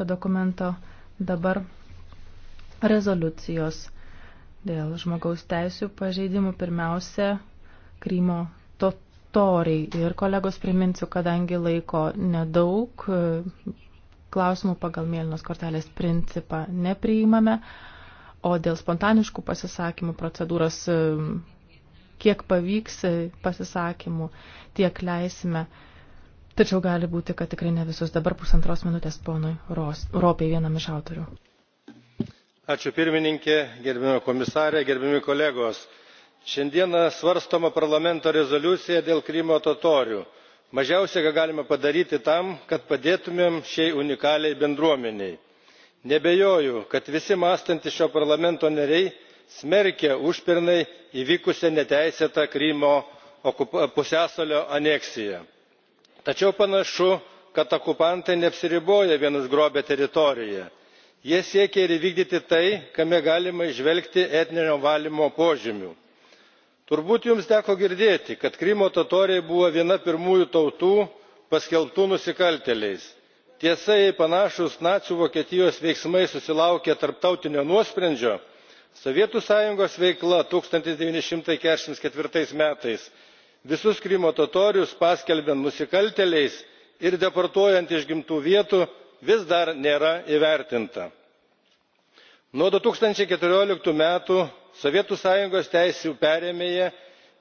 šio dokumento, dabar rezoliucijos dėl žmogaus teisų pažeidimų. Pirmiausia, Krymo totoriai. Ir kolegos priminsiu, kadangi laiko nedaug, klausimų pagal mėlynos kortelės principą nepriimame, o dėl spontaniškų pasisakymų procedūros kiek pavyks pasisakymų, tiek leisime Tačiau gali būti, kad tikrai ne visus. Dabar pusantros minutės ponui Europai vienam iš autorių. Ačiū pirmininkė, gerbimo komisarė, gerbimi kolegos. Šiandieną svarstoma parlamento rezoliucija dėl Krymo totorių. Mažiausia, ką galime padaryti tam, kad padėtumėm šiai unikaliai bendruomeniai. Nebejoju, kad visi mąstantys šio parlamento nariai smerkia užpernai įvykusią neteisėtą Krymo pusiasalio aneksiją tačiau panašu kad okupantai neapsiriboja vien užgrobia teritoriją jie siekia ir įvykdyti tai kame galima įžvelgti etninio valymo požymių. turbūt jums teko girdėti kad krymo totoriai buvo viena pirmųjų tautų paskelbtų nusikaltėliais. tiesa jei panašūs nacių vokietijos veiksmai susilaukė tarptautinio nuosprendžio sovietų sąjungos veikla tūkstantis devyni šimtai keturiasdešimt keturi m visus krymo totorius paskelbiant nusikaltėliais ir deportuojant iš gimtų vietų vis dar nėra įvertinta. nuo du tūkstančiai keturiolika metų sovietų sąjungos teisių perėmėja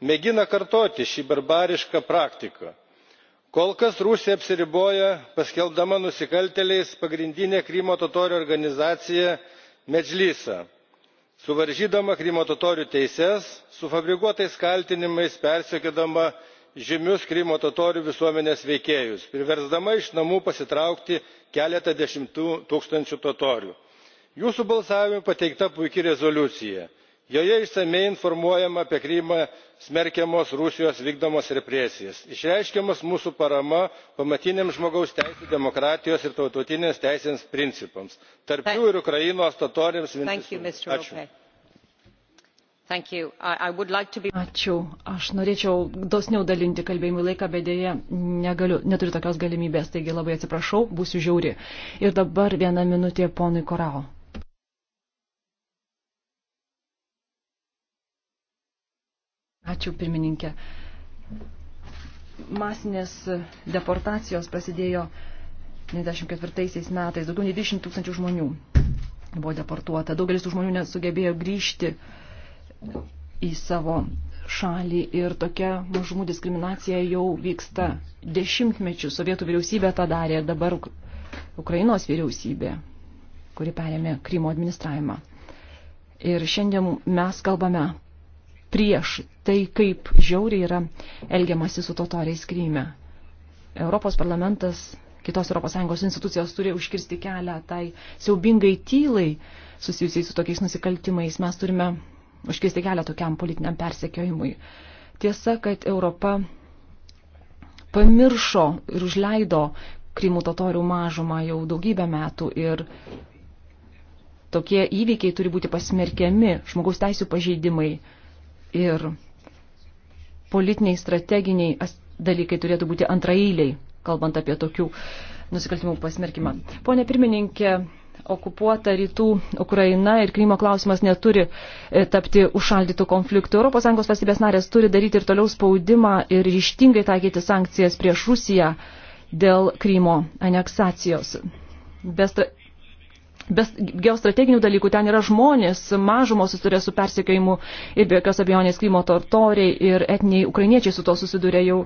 mėgina kartoti šį barbarišką praktiką. kol kas rusija apsiriboja paskelbdama nusikaltėliais pagrindinę krymo totorių organizaciją medžlisą suvaržydama krymo totorių teises sufabrikuotais kaltinimais persekiodama žymius krymo totorių visuomenės veikėjus priversdama iš namų pasitraukti keletą dešimčių tūkstančių totorių. jūsų balsavimui pateikta puiki rezoliucija joje išsamiai informuojama apie krymą smerkiamos rusijos vykdomas represijas išreiškiama mūsų parama pamatiniams žmogaus teisių demokratijos ir tarptautinės teisės principams tarp jų ir ukrainos totoriams vientisumui. ačiū. aš norėčiau dosniau dalinti kalbėjimo laiką bet deja negaliu neturiu tokios galimybės taigi labai atsiprašau būsiu žiauri. ir dabar viena minutė ponui corrao. Ačiū pirmininkė. Masinės deportacijos prasidėjo 94 metais. Daugiau nei 20 tūkstančių žmonių buvo deportuota. Daugelis tų žmonių nesugebėjo grįžti į savo šalį ir tokia mažumų diskriminacija jau vyksta dešimtmečių. Sovietų vyriausybė tą darė, dabar Ukrainos vyriausybė, kuri perėmė Krymo administravimą. Ir šiandien mes kalbame prieš tai, kaip žiauriai yra elgiamasi su totoriais Kryme. Europos parlamentas, kitos ES institucijos turi užkirsti kelią tai siaubingai tylai susijusiai su tokiais nusikaltimais. Mes turime užkirsti kelią tokiam politiniam persekiojimui. Tiesa, kad Europa pamiršo ir užleido Krymų totorių mažumą jau daugybę metų ir tokie įvykiai turi būti pasmerkiami, žmogaus teisų pažeidimai ir politiniai, strateginiai dalykai turėtų būti antraeiliai, kalbant apie tokių nusikaltimų pasmerkimą. Pone pirmininkė, okupuota rytų Ukraina ir Krymo klausimas neturi e, tapti užšaldytų konfliktų. ES valstybės narės turi daryti ir toliau spaudimą ir ryštingai taikyti sankcijas prieš Rusiją dėl Krymo aneksacijos. Be be geostrateginių dalykų, ten yra žmonės, mažumos susiduria su persekiojimu ir be jokios abejonės Krymo tortoriai ir etniai ukrainiečiai su to susiduria jau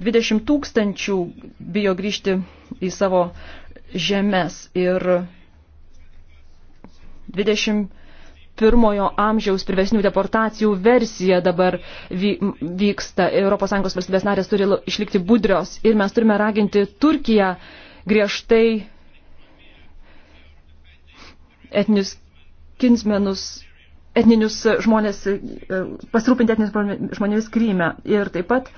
20 tūkstančių bijo grįžti į savo žemės ir 21 amžiaus privesnių deportacijų versija dabar vyksta. ES valstybės narės turi išlikti budrios ir mes turime raginti Turkiją griežtai etnius kinsmenus, etninius žmonės, e, pasirūpinti etninius žmonėmis Kryme. Ir taip pat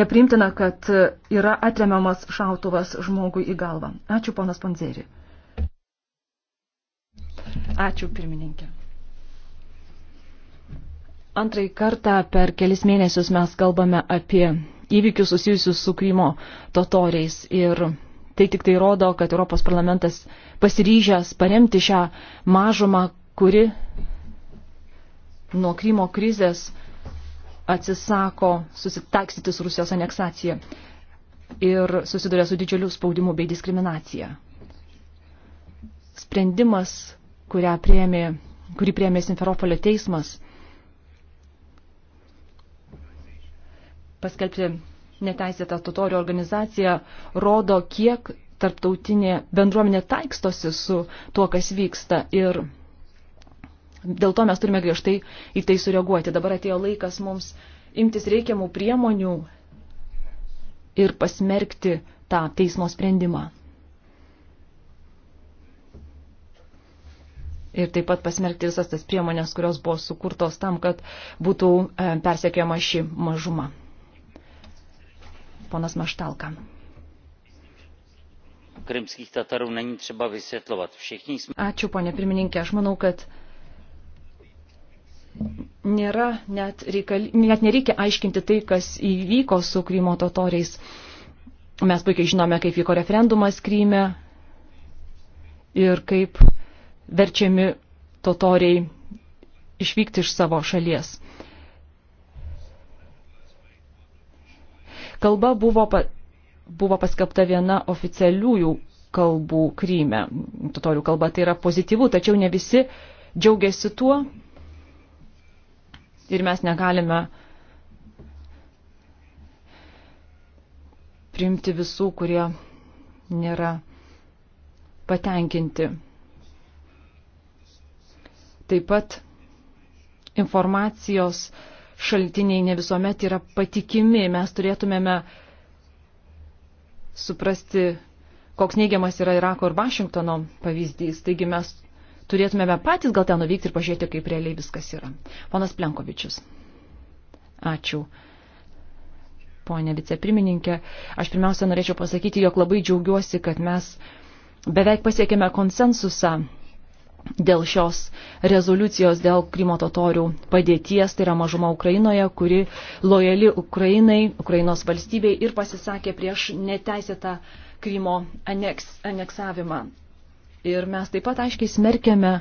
nepriimtina, kad yra atremiamas šautuvas žmogui į galvą. Ačiū, ponas Ponzerį. Ačiū, pirmininkė. Antrai kartą per kelis mėnesius mes kalbame apie įvykius susijusius su Krymo totoriais ir Tai tik tai rodo, kad Europos parlamentas pasiryžęs paremti šią mažumą, kuri nuo Krymo krizės atsisako susitaksyti su Rusijos aneksacija ir susiduria su didžiuliu spaudimu bei diskriminacija. Sprendimas, priėmė, kurį priėmė Simferopolio teismas, paskelbti neteisėta totorių organizacija rodo, kiek tarptautinė bendruomenė taikstosi su tuo, kas vyksta. Ir dėl to mes turime griežtai į tai sureaguoti. Dabar atėjo laikas mums imtis reikiamų priemonių ir pasmerkti tą teismo sprendimą. ir taip pat pasmerkti visas tas priemonės, kurios buvo sukurtos tam, kad būtų e, persekiojama ši mažuma ponas Maštalka. Ačiū, ponė pirmininkė. Aš manau, kad nėra net, reikal... net nereikia aiškinti tai, kas įvyko su Krymo totoriais. Mes puikiai žinome, kaip vyko referendumas Kryme ir kaip verčiami totoriai išvykti iš savo šalies. Kalba buvo, pa, buvo paskapta viena oficialiųjų kalbų kryme. Totorių kalba tai yra pozityvu, tačiau ne visi džiaugiasi tuo ir mes negalime priimti visų, kurie nėra patenkinti. Taip pat informacijos šaltiniai ne visuomet yra patikimi. Mes turėtumėme suprasti, koks neigiamas yra Irako ir Vašingtono pavyzdys. Taigi mes turėtumėme patys gal ten nuvykti ir pažiūrėti, kaip realiai viskas yra. Ponas Plenkovičius. Ačiū. Pone vicepirmininkė, aš pirmiausia norėčiau pasakyti, jog labai džiaugiuosi, kad mes beveik pasiekėme konsensusą dėl šios rezoliucijos dėl Krymo totorių padėties, tai yra mažuma Ukrainoje, kuri lojali Ukrainai, Ukrainos valstybei ir pasisakė prieš neteisėtą Krymo aneks, aneksavimą. Ir mes taip pat aiškiai smerkėme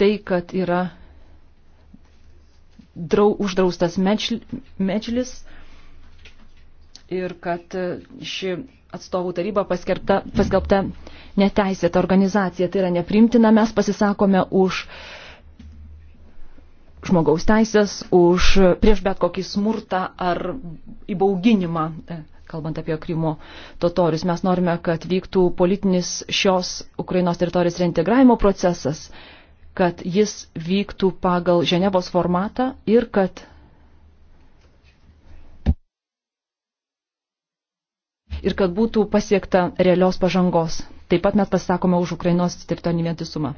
tai, kad yra drau, uždraustas mečl, mečlis ir kad ši atstovų taryba paskelbta, paskelbta neteisėta organizacija. Tai yra neprimtina, mes pasisakome už žmogaus teisės, už prieš bet kokį smurtą ar įbauginimą, e, kalbant apie Krymo totorius. Mes norime, kad vyktų politinis šios Ukrainos teritorijos reintegravimo procesas, kad jis vyktų pagal Ženevos formatą ir kad ir kad būtų pasiekta realios pažangos. Taip pat mes pasisakome už Ukrainos teritorinį vientisumą.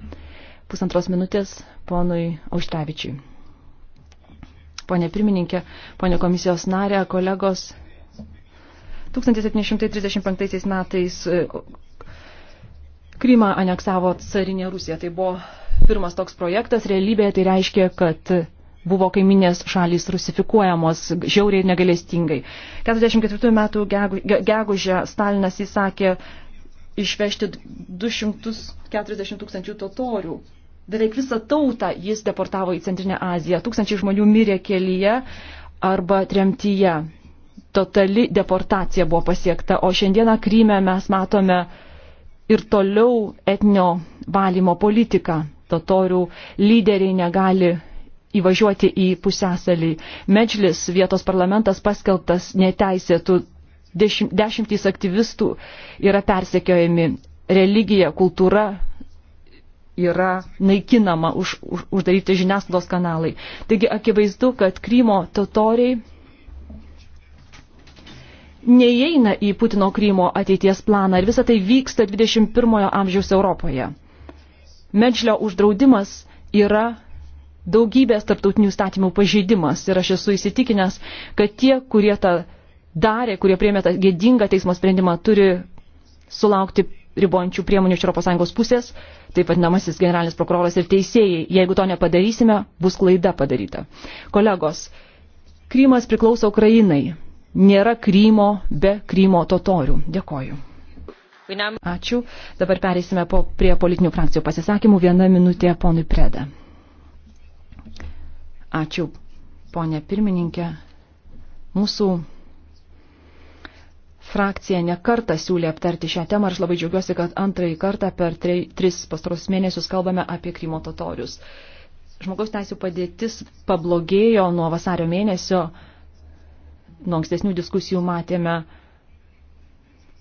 Pusantros minutės ponui Auštrevičiui. Pone pirmininkė, pone komisijos narė, kolegos. 1735 metais e, Krymą aneksavo carinė Rusija. Tai buvo pirmas toks projektas. Realybėje tai reiškia, kad buvo kaiminės šalys rusifikuojamos žiauriai ir negalestingai. 44 metų gegužę Stalinas įsakė išvežti 240 tūkstančių totorių. Beveik visą tautą jis deportavo į Centrinę Aziją. Tūkstančiai žmonių mirė kelyje arba tremtyje. Totali deportacija buvo pasiekta, o šiandieną Kryme mes matome ir toliau etnio valymo politiką. Totorių lyderiai negali įvažiuoti į pusęsalį. Medžlis vietos parlamentas paskelbtas neteisėtų, dešimtys aktyvistų yra persekiojami, religija, kultūra yra naikinama, už, už, uždaryti žiniasklaidos kanalai. Taigi akivaizdu, kad Krymo totoriai neįeina į Putino Krymo ateities planą ir visa tai vyksta 21 amžiaus Europoje. Medžlio uždraudimas yra daugybės tarptautinių statymų pažeidimas ir aš esu įsitikinęs, kad tie, kurie tą darė, kurie priėmė tą gėdingą teismo sprendimą, turi sulaukti ribojančių priemonių iš ES pusės, taip vadinamasis generalinis prokuroras ir teisėjai. Jeigu to nepadarysime, bus klaida padaryta. Kolegos, Krymas priklauso Ukrainai. Nėra Krymo be Krymo totorių. Dėkoju. Ačiū. Dabar pereisime po, prie politinių frakcijų pasisakymų. Viena minutė ponui Preda. Ačiū, ponė pirmininkė. Mūsų frakcija nekartą siūlė aptarti šią temą ir aš labai džiaugiuosi, kad antrąjį kartą per tre, tris pastarus mėnesius kalbame apie Krymo totorius. Žmogaus teisų padėtis pablogėjo nuo vasario mėnesio, nuo ankstesnių diskusijų matėme,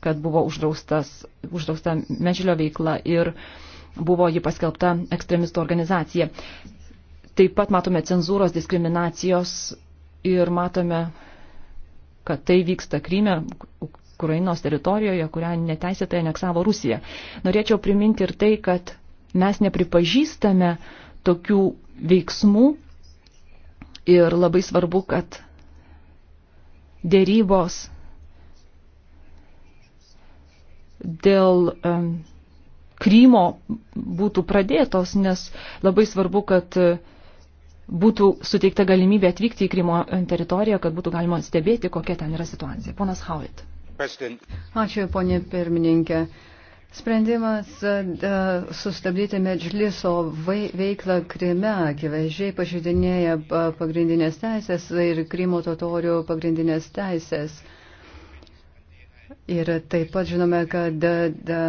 kad buvo uždrausta medžilio veikla ir buvo ji paskelbta ekstremistų organizacija. Taip pat matome cenzūros, diskriminacijos ir matome, kad tai vyksta Kryme, Ukrainos teritorijoje, kurią neteisėtai aneksavo Rusija. Norėčiau priminti ir tai, kad mes nepripažįstame tokių veiksmų ir labai svarbu, kad dėrybos dėl um, Krymo būtų pradėtos, nes labai svarbu, kad uh, būtų suteikta galimybė atvykti į Krymo teritoriją, kad būtų galima stebėti, kokia ten yra situacija. Ponas Howitt. Ačiū, ponė pirmininkė. Sprendimas e, sustabdyti medžliso veiklą Krime akivaizdžiai pažydinėja e, pagrindinės teisės ir Krymo totorių pagrindinės teisės. Ir taip pat žinome, kad e, da,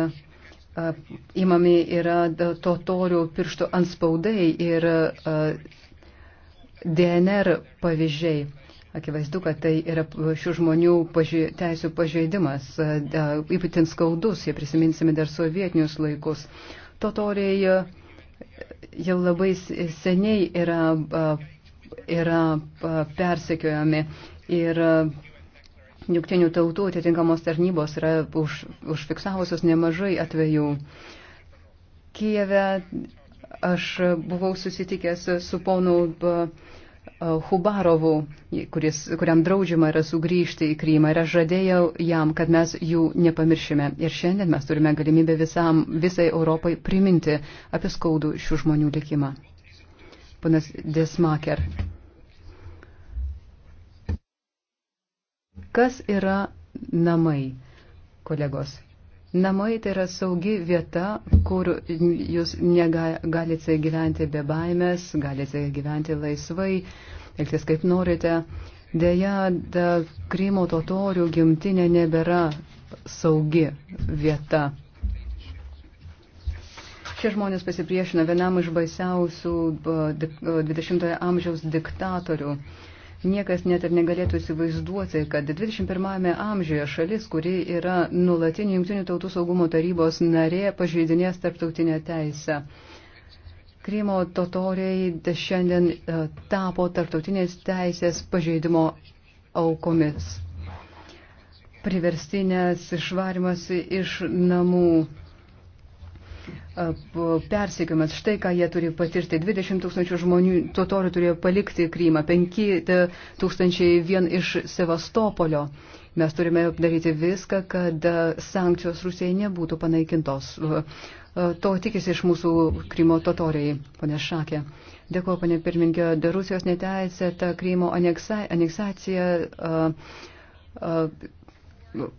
da, imami yra totorių pirštų anspaudai ir DNR pavyzdžiai. Akivaizdu, kad tai yra šių žmonių paži teisų pažeidimas, ypatin skaudus, jei prisiminsime dar sovietinius laikus. Totoriai e, jau labai seniai yra, yra persekiojami ir e, jungtinių tautų atitinkamos tarnybos yra už, užfiksavusios nemažai atvejų. Kijeve Aš buvau susitikęs su ponu e, e, Hubarovu, kuris, kuriam draudžiama yra sugrįžti į Krymą ir aš žadėjau jam, kad mes jų nepamiršime. Ir šiandien mes turime galimybę visam, visai Europai priminti apie skaudų šių žmonių likimą. Panas Desmaker. Kas yra namai, kolegos? Namai tai yra saugi vieta, kur jūs galite gyventi be baimės, galite gyventi laisvai, elgtis kaip norite. Deja, da, Krymo totorių gimtinė nebėra saugi vieta. Šie žmonės pasipriešino vienam iš baisiausių 20-ojo amžiaus diktatorių. Uh, Niekas net ir negalėtų įsivaizduoti, kad 21-ame amžiuje šalis, kuri yra nulatinė Junktinių tautų saugumo tarybos narė, pažeidinės tarptautinę teisę. Krymo totoriai šiandien e, tapo tarptautinės teisės pažeidimo aukomis. Priverstinės išvarimas iš namų persiekiamas. Štai ką jie turi patirti. 20 tūkstančių žmonių totorių turėjo palikti Krymą, 5 e, tūkstančiai vien iš Sevastopolio. Mes turime daryti viską, kad e, sankcijos Rusijai nebūtų panaikintos. E, to tikisi iš mūsų Krymo totoriai, ponė Šakė. Dėkuoju, ponė pirmininkė, Rusijos neteisėta Krymo aneksa, aneksacija. Uh, uh,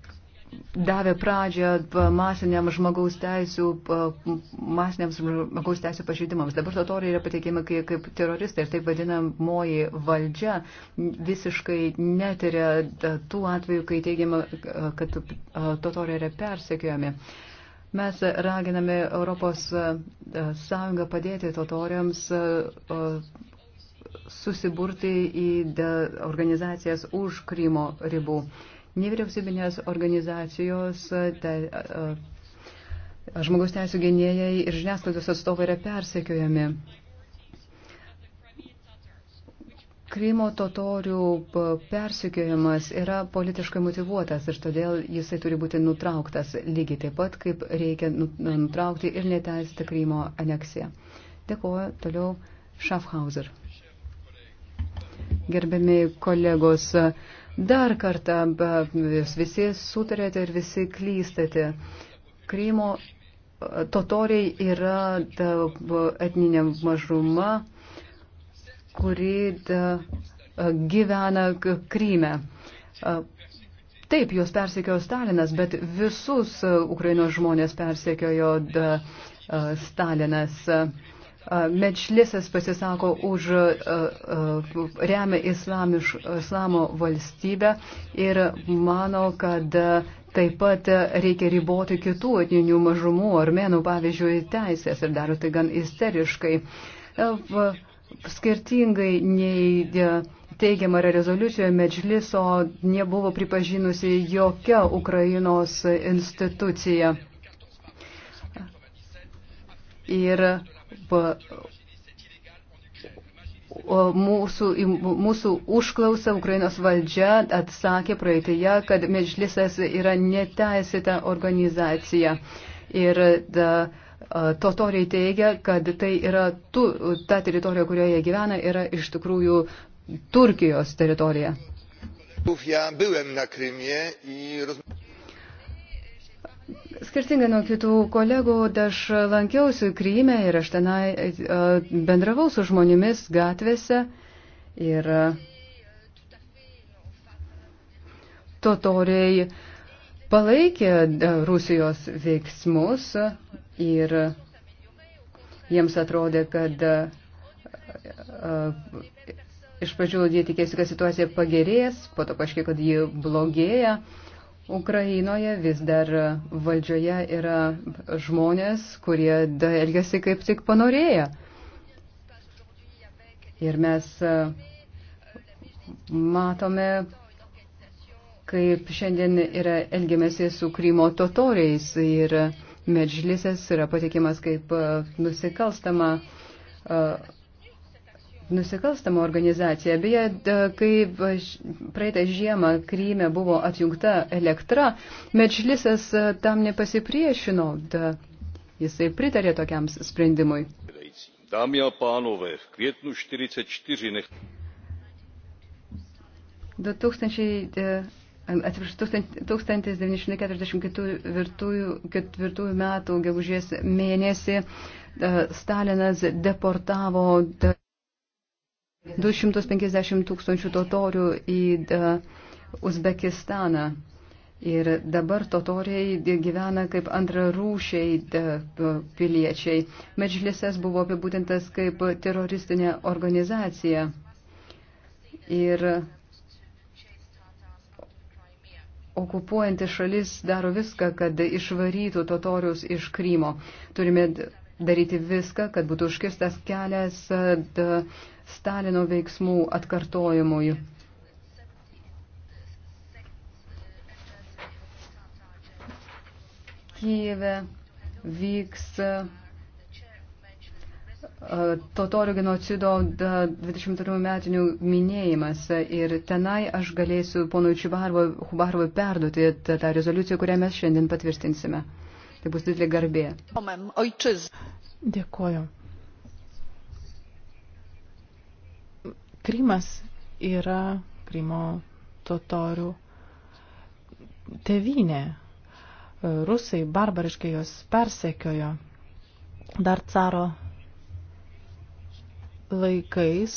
davė pradžią masiniam žmogaus teisų, masiniams žmogaus teisų pažeidimams. Dabar totoriai yra pateikiami kaip, kaip teroristai ir taip vadinamoji valdžia visiškai netiria tų atvejų, kai teigiama, kad totoriai yra persekiojami. Mes raginame Europos Sąjungą padėti totoriams susiburti į organizacijas už Krymo ribų nevyriausybinės organizacijos, te, žmogaus teisų gynėjai ir žiniasklaidos atstovai yra persekiojami. Krymo totorių persikiojimas yra politiškai motivuotas ir todėl jisai turi būti nutrauktas lygiai taip pat, kaip reikia nu, nu, nutraukti ir neteisėtą Krymo aneksiją. Dėkuoju toliau Schaffhauser. Gerbiami kolegos, Dar kartą, jūs visi sutarėte ir visi klystate. Krymo e, totoriai yra ta etninė mažuma, kuri ta, e, gyvena Kryme. E, taip, juos persekiojo Stalinas, bet visus Ukrainos žmonės persekiojo Stalinas. Medžlisas pasisako už remia islamiš, islamo valstybę ir mano, kad taip pat reikia riboti kitų etninių mažumų, armenų pavyzdžiui, teisės ir daro tai gan isteriškai. Skirtingai nei teigiama yra rezoliucijoje, Medžliso nebuvo pripažinusi jokia Ukrainos institucija. Ir mūsų, mūsų užklausą Ukrainos valdžia atsakė praeitėje, kad Medžlisas yra neteisėta organizacija. Ir da, totoriai teigia, kad tai yra tu, ta teritorija, kurioje gyvena, yra iš tikrųjų Turkijos teritorija. Ja byłem na Krymie i Skirtingai nuo kitų kolegų, aš lankiausi Kryme ir aš tenai e, bendravau su žmonėmis gatvėse ir e, totoriai palaikė e, Rusijos veiksmus ir jiems atrodė, kad iš pradžių jie tikėsi, kad situacija pagerės, po to paaiškėjo, kad ji blogėja. Ukrainoje vis dar valdžioje yra žmonės, kurie elgesi kaip tik panorėja. Ir mes e, matome, kaip šiandien yra elgiamasi su Krymo totoriais ir medžlisės yra patikimas kaip e, nusikalstama uh, nusikalstama organizacija. Beje, kai praeitą žiemą Kryme buvo atjungta elektra, Mečlisas e, tam nepasipriešino. Da, jisai pritarė tokiam sprendimui. Dámy a pánové, v květnu 44 nech... 2000, e, atsiprašau, 1944 metų gegužės mėnesį e, Stalinas deportavo 250 tūkstančių totorių į e, Uzbekistaną. Ir dabar totoriai gyvena kaip antrarūšiai piliečiai. Medžlisės buvo apibūdintas kaip teroristinė organizacija. Ir okupuojanti šalis daro viską, kad išvarytų totorius iš Krymo. Turime daryti viską, kad būtų užkirstas kelias e, Stalino veiksmų atkartojimui. Kijeve vyks e, totorių genocido 22 metinių minėjimas ir tenai aš galėsiu ponui Čibarvui perduoti tą rezoliuciją, kurią mes šiandien patvirtinsime. Tai bus didelė garbė. Dėkuoju. Krymas yra Krymo totorių tevinė. Rusai barbariškai jos persekiojo. Dar caro laikais,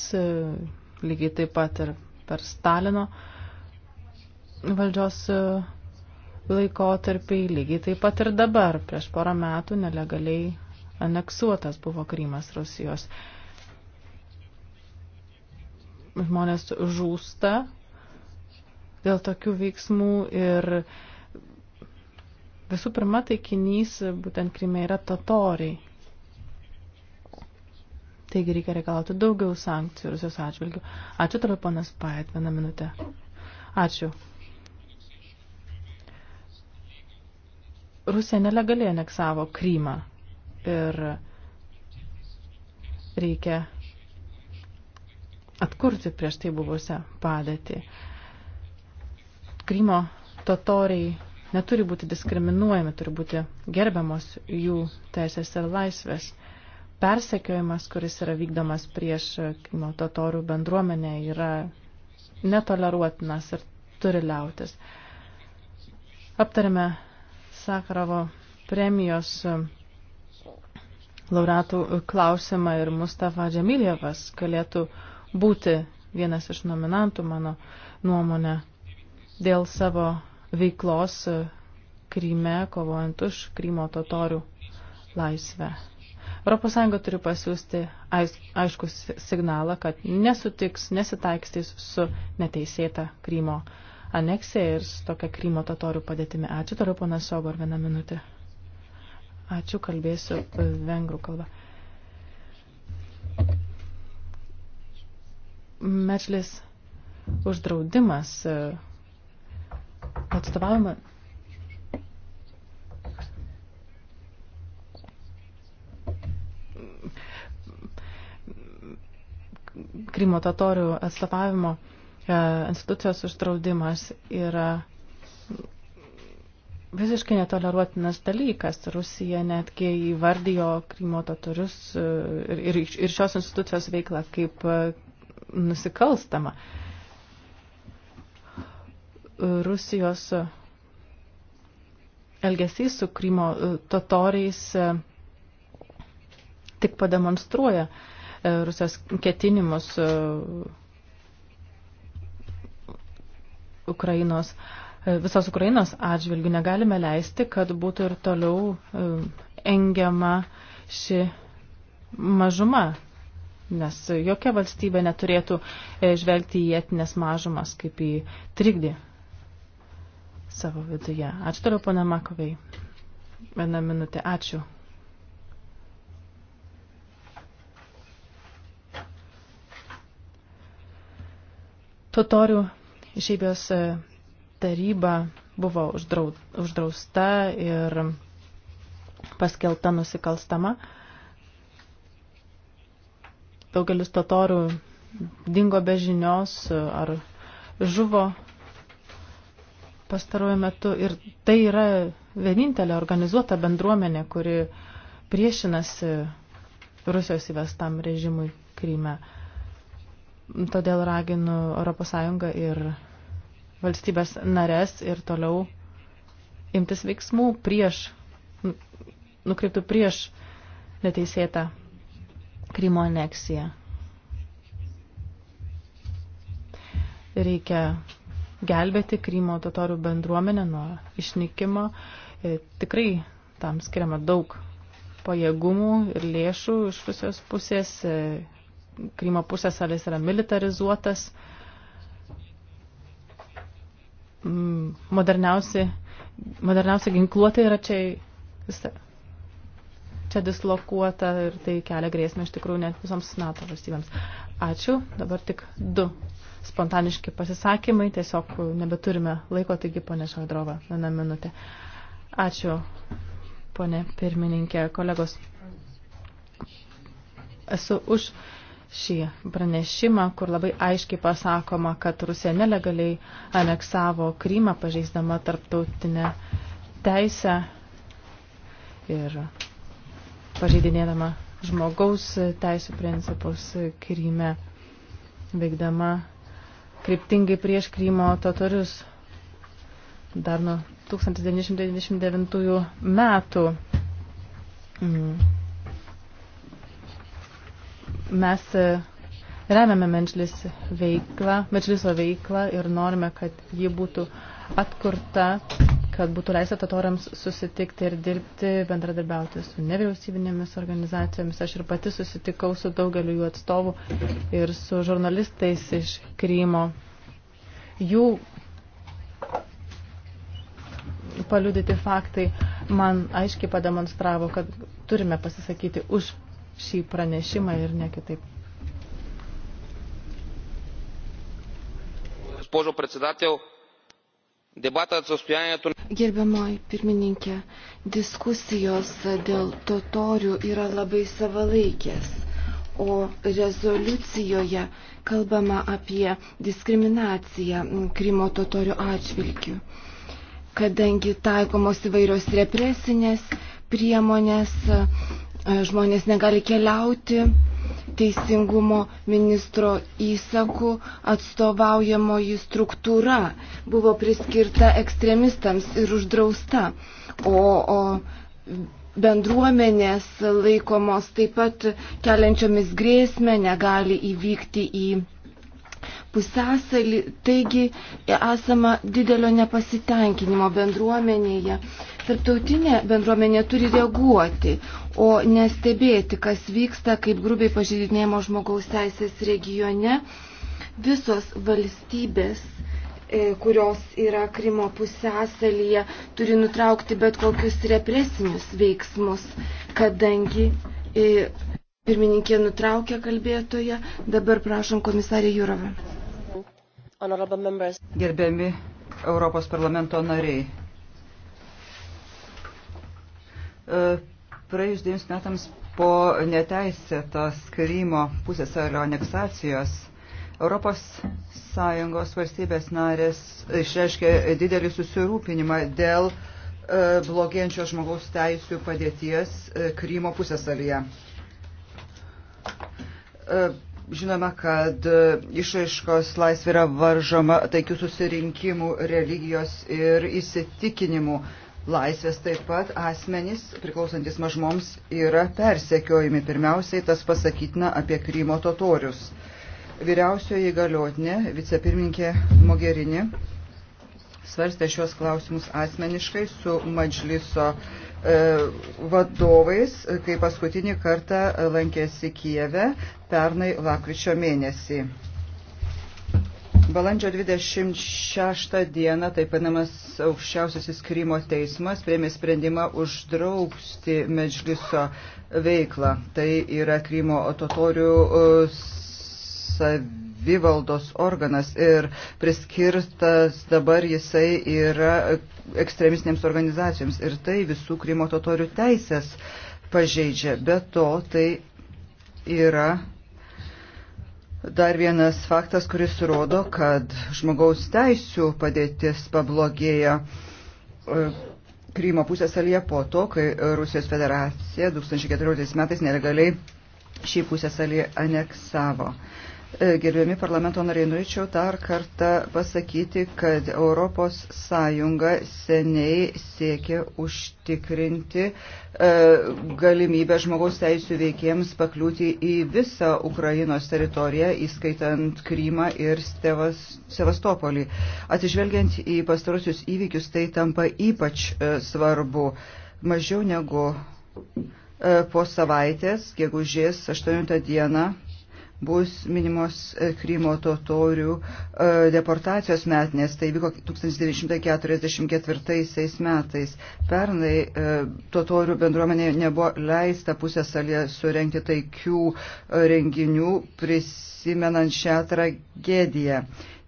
lygiai taip pat ir per Stalino valdžios laikotarpiai, lygiai taip pat ir dabar, prieš porą metų nelegaliai aneksuotas buvo Krymas Rusijos. Žmonės žūsta dėl tokių veiksmų ir visų pirma taikinys būtent Kryme yra tatoriai. Taigi reikia reikalauti daugiau sankcijų Rusijos atžvilgių. Ačiū toliau, ponas Paet, vieną minutę. Ačiū. Rusija nelegaliai aneksavo Krymą ir reikia atkurti prieš tai buvusią padėtį. Krymo totoriai neturi būti diskriminuojami, turi būti gerbiamos jų teisės ir laisvės. Persekiojimas, kuris yra vykdomas prieš Krymo totorių bendruomenę, yra netoleruotinas ir turi liautis. Aptarėme Sakravo premijos e, laureatų klausimą ir Mustafa Džemiljevas galėtų būti vienas iš nominantų mano nuomonė dėl savo veiklos e, Kryme, kovojant už Krymo totorių laisvę. ES turi pasiūsti aiškus signalą, kad nesutiks, nesitaikstys su neteisėta Krymo aneksija ir su tokia Krymo tatorių padėtimi. Ačiū, toliau ponas Sogor, vieną minutę. Ačiū, kalbėsiu vengrų kalbą. Mečlis uždraudimas atstovavimą Krymo tatorių atstovavimo E, institucijos uždraudimas yra visiškai netoleruotinas dalykas. Rusija netgi įvardijo Krymo totorius e, ir, ir, ir šios institucijos veiklą kaip e, nusikalstama. Rusijos elgesys su Krymo totoriais tik pademonstruoja Rusijos ketinimus Ukrainos, e, visos Ukrainos atžvilgių. Negalime leisti, kad būtų ir toliau e, engiama ši mažuma, nes jokia valstybė neturėtų e, žvelgti į etinės mažumas kaip į trikdį savo viduje. Ačiū toliau, pana Makovai. Vieną minutę. Ačiū. totorių Išeibijos e, taryba buvo uždrausta ir paskelta nusikalstama. Daugelis totorių dingo be žinios e, ar žuvo pastaruoju metu. Ir tai yra vienintelė organizuota bendruomenė, kuri priešinasi Rusijos įvestam režimui Kryme. Todėl raginu ES ir valstybės narės ir toliau imtis veiksmų prieš, nukreiptų prieš neteisėtą Krymo aneksiją. Reikia gelbėti Krymo totorių bendruomenę nuo išnykimo. E, tikrai tam skiriama daug pajėgumų ir lėšų iš Rusijos pusės e, Krymo pusėsalis yra militarizuotas. Mm, moderniausi, moderniausia ginkluotė yra čia, čia dislokuota ir tai kelia grėsmę iš tikrųjų net visoms NATO valstybėms. Ačiū. Dabar tik du spontaniški pasisakymai. Tiesiog nebeturime laiko, taigi ponė Šaldrova, vieną minutę. Ačiū, ponė pirmininkė, kolegos. Esu už šį pranešimą, kur labai aiškiai pasakoma, kad Rusija nelegaliai aneksavo Krymą, pažeisdama tarptautinę teisę ir pažeidinėdama žmogaus teisų principus Kryme, veikdama kryptingai prieš Krymo totorius dar nuo 1999 metų. Mm Mes e, remiame Menčlis veiklą, Menčliso veiklą ir norime, kad ji būtų atkurta, kad būtų leista tatorams susitikti ir dirbti, bendradarbiauti su nevyriausybinėmis organizacijomis. Aš ir pati susitikau su daugeliu jų atstovų ir su žurnalistais iš Krymo. Jų paliudyti faktai man aiškiai pademonstravo, kad turime pasisakyti už šį pranešimą ir ne kitaip. Госпожо председател, Debatas susijusiu. Gerbiamoji pirmininkė, diskusijos dėl totorių yra labai savalaikės, o rezoliucijoje kalbama apie diskriminaciją Krymo totorių atžvilgių, kadangi taikomos įvairios represinės priemonės, E, žmonės negali keliauti teisingumo ministro įsakų atstovaujamoji struktūra buvo priskirta ekstremistams ir uždrausta, o, o bendruomenės laikomos taip pat keliančiomis grėsmę negali įvykti į pusęsalį, taigi esama didelio nepasitenkinimo bendruomenėje. Tarptautinė bendruomenė turi reaguoti, o nestebėti, kas vyksta, kaip grubiai pažydinėjimo žmogaus teisės regione. Visos valstybės, e, kurios yra Krimo pusėsalyje, turi nutraukti bet kokius represinius veiksmus, kadangi e, pirmininkė nutraukė kalbėtoje. Dabar prašom komisarė Jūrovė. Gerbiami Europos parlamento nariai e, praėjus dviems metams po neteisėtos Krymo pusėsalio aneksacijos Europos Sąjungos valstybės narės išreiškė didelį susirūpinimą dėl e, blogėjančios žmogaus teisų padėties e, Krymo pusėsalyje. E, Žinoma, kad išaiškos laisvė yra varžoma taikių susirinkimų, religijos ir įsitikinimų laisvės taip pat asmenys priklausantis mažmoms yra persekiojami. Pirmiausiai tas pasakytina apie Krymo totorius. Vyriausioji galiotinė, vicepirminkė Mogerini, svarstė šios klausimus asmeniškai su Madžliso e, vadovais, kai paskutinį kartą lankėsi Kijeve pernai lakryčio mėnesį. Balandžio 26 dieną taip vadinamas aukščiausiasis Krymo teismas prieimė sprendimą uždrausti medžliso veiklą. Tai yra Krymo totorių savivaldos organas ir priskirtas dabar jisai yra ekstremistinėms organizacijoms ir tai visų Krymo totorių teisės pažeidžia. Be to tai yra Dar vienas faktas, kuris rodo, kad žmogaus teisų padėtis pablogėjo e, Krymo pusėsalyje po to, kai Rusijos federacija 2014 metais nelegaliai šį pusėsalį aneksavo. E, gerbiami parlamento nariai, norėčiau dar kartą pasakyti, kad Europos Sąjunga seniai siekia užtikrinti e, galimybę žmogaus teisų veikėjams pakliūti į visą Ukrainos teritoriją, įskaitant Krymą ir Stevas, Sevastopolį. Atsižvelgiant į pastarusius įvykius, tai tampa ypač e, svarbu. Mažiau negu e, po savaitės, gegužės 8 dieną bus minimos e, Krymo totorių e, deportacijos metinės. Tai vyko 1944 metais. Pernai e, totorių bendruomenė nebuvo leista pusę salėje surenkti taikių renginių prisimenant šią tragediją.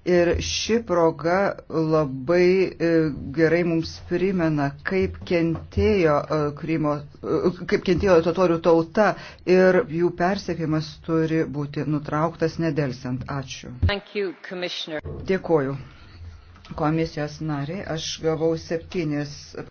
Ir ši proga labai e, gerai mums primena, kaip kentėjo, e, Krymo, e, kaip kentėjo totorių tauta ir jų persekėjimas turi būti nutrauktas nedelsiant. Ačiū. You, Dėkoju. Komisijos nariai, aš gavau septynis.